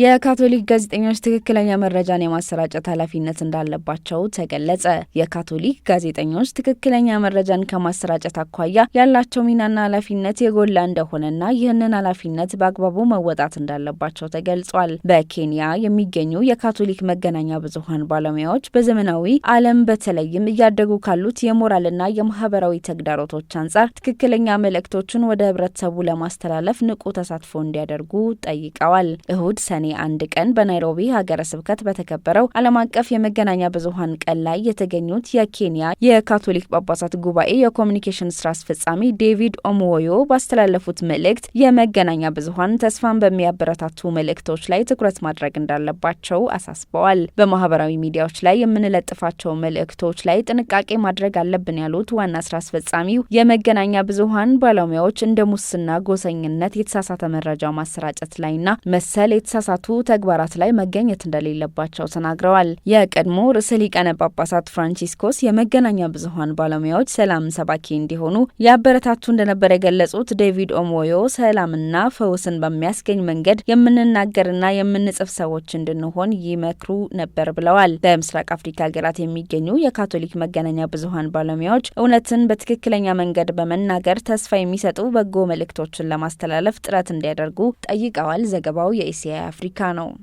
የካቶሊክ ጋዜጠኞች ትክክለኛ መረጃን የማሰራጨት ኃላፊነት እንዳለባቸው ተገለጸ። የካቶሊክ ጋዜጠኞች ትክክለኛ መረጃን ከማሰራጨት አኳያ ያላቸው ሚናና ኃላፊነት የጎላ እንደሆነና ይህንን ኃላፊነት በአግባቡ መወጣት እንዳለባቸው ተገልጿል። በኬንያ የሚገኙ የካቶሊክ መገናኛ ብዙሀን ባለሙያዎች በዘመናዊ ዓለም በተለይም እያደጉ ካሉት የሞራልና የማህበራዊ ተግዳሮቶች አንጻር ትክክለኛ መልእክቶችን ወደ ህብረተሰቡ ለማስተላለፍ ንቁ ተሳትፎ እንዲያደርጉ ጠይቀዋል። እሁድ ሰኔ አንድ ቀን በናይሮቢ ሀገረ ስብከት በተከበረው ዓለም አቀፍ የመገናኛ ብዙሀን ቀን ላይ የተገኙት የኬንያ የካቶሊክ ጳጳሳት ጉባኤ የኮሚኒኬሽን ስራ አስፈጻሚ ዴቪድ ኦሞዮ ባስተላለፉት መልእክት የመገናኛ ብዙሀን ተስፋን በሚያበረታቱ መልእክቶች ላይ ትኩረት ማድረግ እንዳለባቸው አሳስበዋል። በማህበራዊ ሚዲያዎች ላይ የምንለጥፋቸው መልእክቶች ላይ ጥንቃቄ ማድረግ አለብን ያሉት ዋና ስራ አስፈጻሚው የመገናኛ ብዙሀን ባለሙያዎች እንደ ሙስና፣ ጎሰኝነት፣ የተሳሳተ መረጃ ማሰራጨት ላይና መሰል የተሳሳ በስርዓቱ ተግባራት ላይ መገኘት እንደሌለባቸው ተናግረዋል። የቀድሞ ርዕሰ ሊቃነ ጳጳሳት ፍራንቺስኮስ የመገናኛ ብዙኃን ባለሙያዎች ሰላም ሰባኪ እንዲሆኑ ያበረታቱ እንደነበር የገለጹት ዴቪድ ኦሞዮ ሰላምና ፈውስን በሚያስገኝ መንገድ የምንናገርና የምንጽፍ ሰዎች እንድንሆን ይመክሩ ነበር ብለዋል። በምስራቅ አፍሪካ ሀገራት የሚገኙ የካቶሊክ መገናኛ ብዙኃን ባለሙያዎች እውነትን በትክክለኛ መንገድ በመናገር ተስፋ የሚሰጡ በጎ መልእክቶችን ለማስተላለፍ ጥረት እንዲያደርጉ ጠይቀዋል። ዘገባው የኢሲያ Africano.